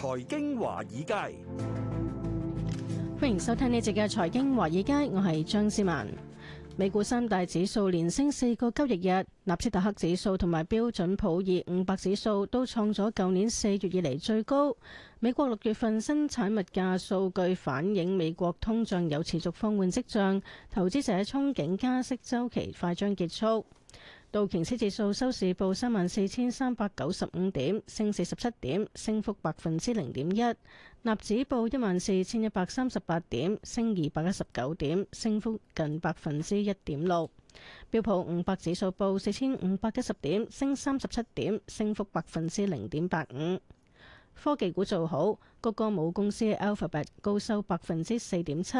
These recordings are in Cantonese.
財經華爾街，歡迎收聽呢集嘅財經華爾街。我係張思文。美股三大指數連升四個交易日，納斯達克指數同埋標準普爾五百指數都創咗舊年四月以嚟最高。美國六月份生產物價數據反映美國通脹有持續放緩跡象，投資者憧憬加息周期快將結束。道瓊斯指數收市報三萬四千三百九十五點，升四十七點，升幅百分之零點一。納指報一萬四千一百三十八點，升二百一十九點，升幅近百分之一點六。標普五百指數報四千五百一十點，升三十七點，升幅百分之零點八五。科技股做好。谷歌母公司 Alphabet 高收百分之四點七，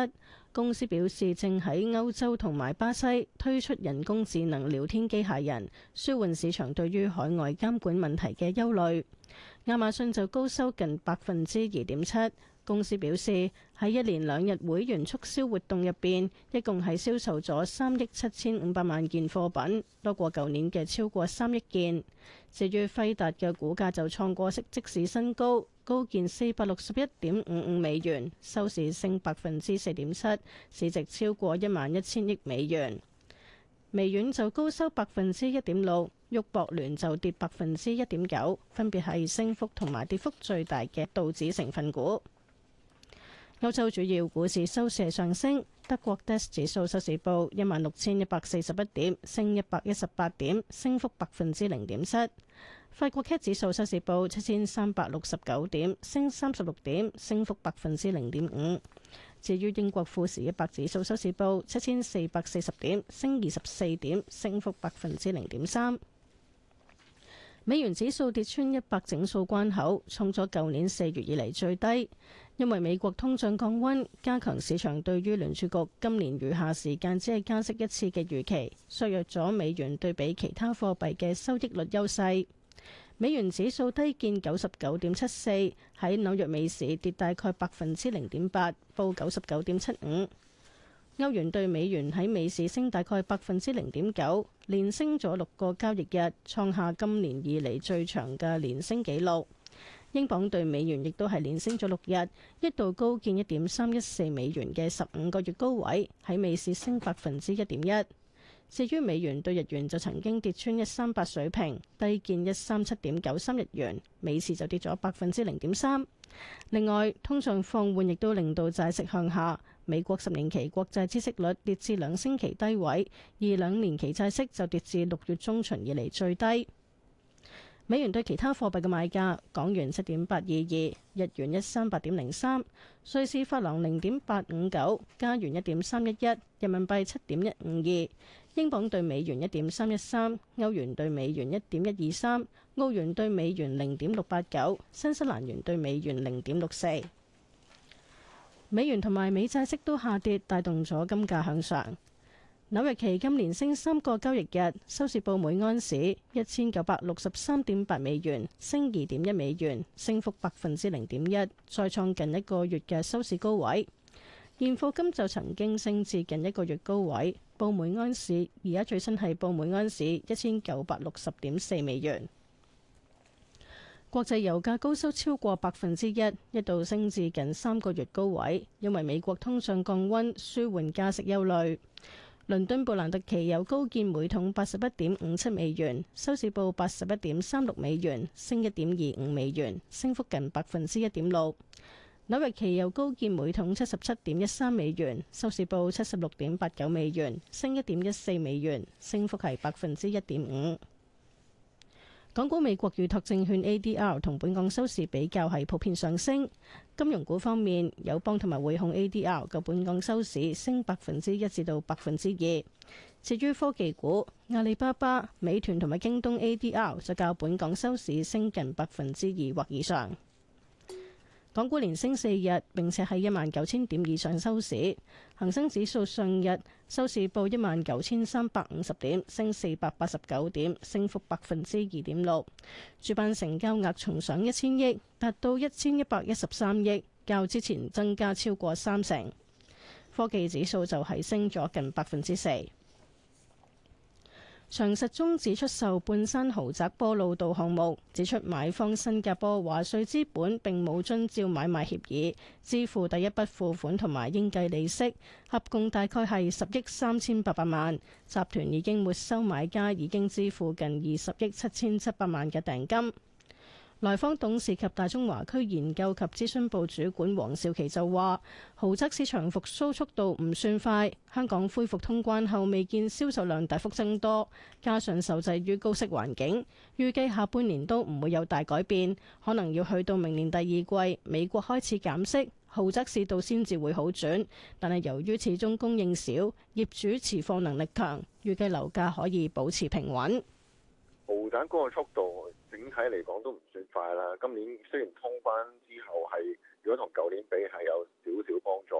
公司表示正喺歐洲同埋巴西推出人工智能聊天機械人，舒緩市場對於海外監管問題嘅憂慮。亞馬遜就高收近百分之二點七。公司表示喺一連兩日會員促銷活動入邊，一共係銷售咗三億七千五百萬件貨品，多過舊年嘅超過三億件。至於輝達嘅股價就創過色即市新高，高見四百六十一點五五美元，收市升百分之四點七，市值超過一萬一千億美元。微軟就高收百分之一點六，沃博聯就跌百分之一點九，分別係升幅同埋跌幅最大嘅道指成分股。歐洲主要股市收市上升，德國 DAX 指數收市報一萬六千一百四十一點，升一百一十八點，升幅百分之零點七。法國 CAC 指數收市報七千三百六十九點，升三十六點，升幅百分之零點五。至於英國富時一百指數收市報七千四百四十點，升二十四點，升幅百分之零點三。美元指數跌穿一百整數關口，創咗舊年四月以嚟最低。因為美國通脹降温，加強市場對於聯儲局今年餘下時間只係加息一次嘅預期，削弱咗美元對比其他貨幣嘅收益率優勢。美元指數低見九十九點七四，喺紐約美市跌大概百分之零點八，報九十九點七五。歐元對美元喺美市升大概百分之零點九，連升咗六個交易日，創下今年以嚟最長嘅連升紀錄。英鎊兌美元亦都係連升咗六日，一度高見一點三一四美元嘅十五個月高位，喺美市升百分之一點一。至於美元對日元就曾經跌穿一三八水平，低見一三七點九三日元，美市就跌咗百分之零點三。另外，通脹放緩亦都令到債息向下，美國十年期國債孳息率跌至兩星期低位，而兩年期債息就跌至六月中旬以嚟最低。美元對其他貨幣嘅賣價：港元七點八二二，日元一三八點零三，瑞士法郎零點八五九，加元一點三一一，人民幣七點一五二，英鎊對美元一點三一三，歐元對美元一點一二三，澳元對美元零點六八九，新西蘭元對美元零點六四。美元同埋美債息都下跌，帶動咗金價向上。紐約期金連升三個交易日，收市報每盎司一千九百六十三點八美元，升二點一美元，升幅百分之零點一，再創近一個月嘅收市高位。現貨金就曾經升至近一個月高位，報每盎司而家最新係報每盎司一千九百六十點四美元。國際油價高收超過百分之一，一度升至近三個月高位，因為美國通脹降溫，舒緩加息憂慮。倫敦布蘭特期油高見每桶八十一點五七美元，收市報八十一點三六美元，升一點二五美元，升幅近百分之一點六。紐約期油高見每桶七十七點一三美元，收市報七十六點八九美元，升一點一四美元，升幅係百分之一點五。港股美國預託證券 ADR 同本港收市比較係普遍上升，金融股方面友邦同埋匯控 ADR 較本港收市升百分之一至到百分之二。至於科技股，阿里巴巴、美團同埋京東 ADR 就較本港收市升近百分之二或以上。港股連升四日，並且喺一萬九千點以上收市。恒生指數上日收市報一萬九千三百五十點，升四百八十九點，升幅百分之二點六。主板成交額重上一千億，達到一千一百一十三億，較之前增加超過三成。科技指數就係升咗近百分之四。長實終止出售半山豪宅波老道項目，指出買方新加坡華瑞資本並冇遵照買賣協議支付第一筆付款同埋應計利息，合共大概係十億三千八百萬。集團已經沒收買家已經支付近二十億七千七百萬嘅訂金。來方董事及大中華區研究及諮詢部主管黃少琪就話：豪宅市場復蘇速度唔算快，香港恢復通關後未見銷售量大幅增多，加上受制於高息環境，預計下半年都唔會有大改變，可能要去到明年第二季，美國開始減息，豪宅市道先至會好轉。但係由於始終供應少，業主持貨能力強，預計樓價可以保持平穩。豪宅嗰個速度。整體嚟講都唔算快啦。今年雖然通關之後係，如果同舊年比係有少少幫助，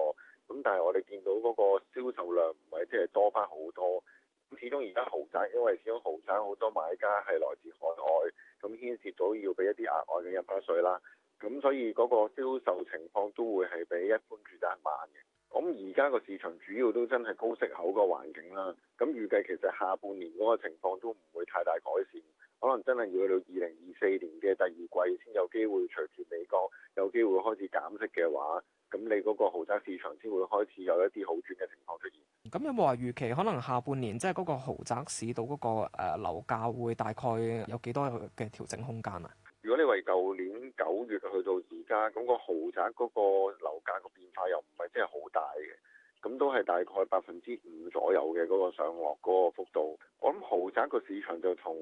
咁但係我哋見到嗰個銷售量唔係即係多返好多。咁始終而家豪宅，因為始終豪宅好多買家係來自海外，咁牽涉到要俾一啲額外嘅印花稅啦。咁所以嗰個銷售情況都會係比一般住宅慢嘅。咁而家個市場主要都真係高息口個環境啦。咁預計其實下半年嗰個情況都唔會太大改善。可能真係要去到二零二四年嘅第二季先有機會，隨住美國有機會開始減息嘅話，咁你嗰個豪宅市場先會開始有一啲好轉嘅情況出現。咁有冇話預期可能下半年即係嗰個豪宅市道嗰、嗰個誒、呃、樓價會大概有幾多嘅調整空間啊？如果你話舊年九月去到而家，咁個豪宅嗰個樓價個變化又唔係真係好大嘅。咁都係大概百分之五左右嘅嗰個上落嗰個幅度，我諗豪宅個市場就同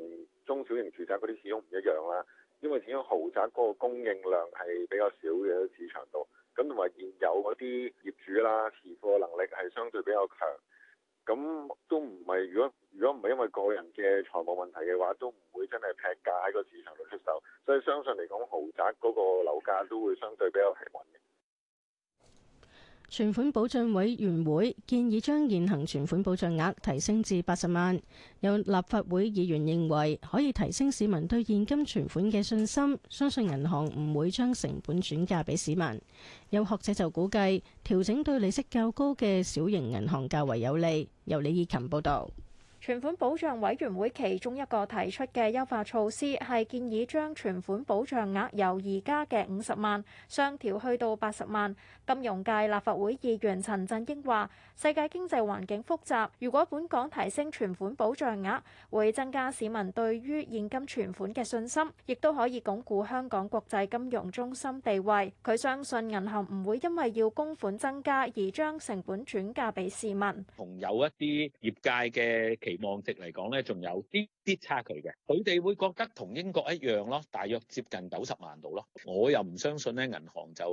中小型住宅嗰啲始終唔一樣啦，因為始終豪宅嗰個供應量係比較少嘅市場度，咁同埋現有嗰啲業主啦，持貨能力係相對比較強，咁都唔係如果如果唔係因為個人嘅財務問題嘅話，都唔會真係劈價喺個市場度出售，所以相信嚟講，豪宅嗰個樓價都會相對比較平穩。存款保障委員會建議將現行存款保障額提升至八十萬，有立法會議員認為可以提升市民對現金存款嘅信心，相信銀行唔會將成本轉嫁俾市民。有學者就估計調整對利息較高嘅小型銀行較為有利。由李以琴報道。存款保障委員會其中一個提出嘅優化措施係建議將存款保障額由而家嘅五十萬上調去到八十萬。金融界立法會議員陳振英話，世界經濟環境複雜，如果本港提升存款保障額，會增加市民對於現金存款嘅信心，亦都可以鞏固香港國際金融中心地位。佢相信銀行唔會因為要供款增加而將成本轉嫁俾市民。同有一啲業界嘅。期望值嚟講咧，仲有啲啲差距嘅。佢哋會覺得同英國一樣咯，大約接近九十萬度咯。我又唔相信咧，銀行就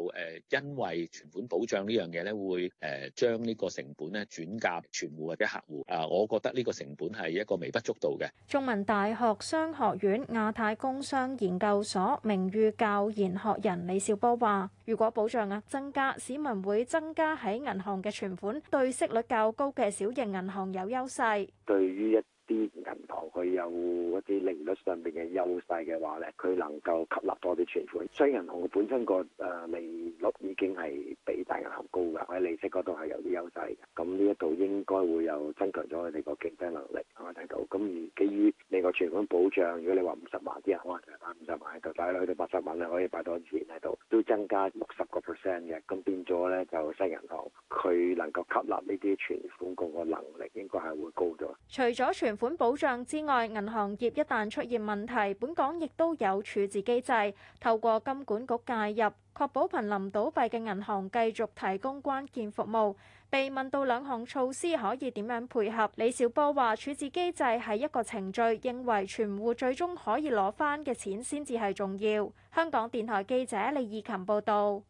誒因為存款保障呢樣嘢咧，會誒將呢個成本咧轉嫁俾存戶或者客戶啊。我覺得呢個成本係一個微不足道嘅。中文大學商學院亞太工商研究所名譽教研學人李兆波話：如果保障額增加，市民會增加喺銀行嘅存款，對息率較高嘅小型銀行有優勢。對於一啲銀行佢有一啲利率上面嘅優勢嘅話咧，佢能夠吸納多啲存款。細銀行佢本身個誒利率已經係比大銀行高嘅，喺利息嗰度係有啲優勢。咁呢一度應該會有增強咗佢哋個競爭能力。我睇到咁，而基於你個存款保障，如果你話五十萬啲人可能就打五十萬喺度，但係去到八十萬咧可以擺多啲錢喺度，都增加六十個 percent 嘅。咁變咗咧就細銀行佢能夠吸納呢啲存款個個能力應該係會高。除咗存款保障之外，銀行業一旦出現問題，本港亦都有處置機制，透過金管局介入，確保瀕臨倒閉嘅銀行繼續提供關鍵服務。被問到兩項措施可以點樣配合，李小波話處置機制係一個程序，認為存戶最終可以攞翻嘅錢先至係重要。香港電台記者李義琴報道。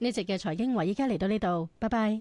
呢集嘅財經華依家嚟到呢度，拜拜。